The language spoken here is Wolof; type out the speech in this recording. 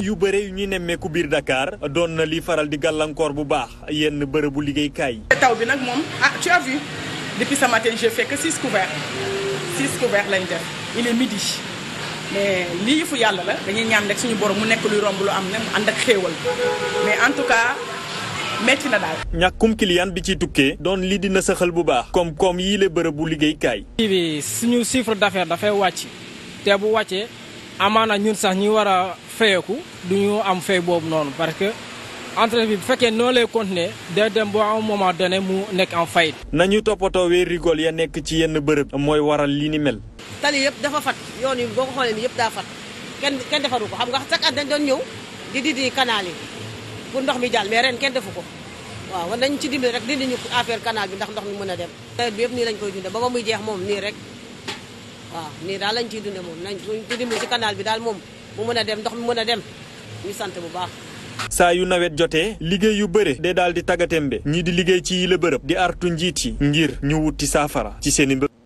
yu bëre yu ñuy nemmeeku biir Dakar doon na li faral di gàllankoor bu baax yenn bu liggéeykaay yi. taw bi nag moom ah tu as vu depuis ce matin j'ai fait que six couverts six couverts lañ def il est midi mais lii yëfu yàlla la dañuy ñaan suñu borom mu nekk luy romb lu am ne mu ànd ak xéewal mais en tout cas. metti na daal. ñàkkum client bi ci tukkee. doon lii dina saxal bu baax. comme comme yii la bërëb bu liggéeykaay. suñu chiffre d'affaires dafay wàcc fayeeku du ñu am fay boobu noonu parce que entreprise bi bu fekkee noonu lay continuer day dem ba un moment donné mu nekk en faillite. nañu toppatoo wéy rigol ya nekk ci yenn bërëb. mooy waral li ni mel. tali yëpp dafa fat yoon yi boo ko xoolee nii yëpp daa fat kenn defaru ko xam nga chaque at dañ doon ñëw di di di canal yi pour ndox mi jàll mais ren kenn defu ko waaw war nañ ci dimbali rek dindi ñu affaire canal bi ndax ndox mi mën a dem. nawet bi yëpp nii lañ koy dundee ba ba muy jeex moom nii rek waaw nii daal lañ ciy dundee moom nañ ci bi daal moom. mu mën a dem ndox mi mën a dem ñu bu baax. saa yu nawet jotee liggéey yu bëre de daal di tàggatémbe ñii di liggéey ci yi la bërëb di artu njiit yi ngir ñu wuti saafara ci seen i mbë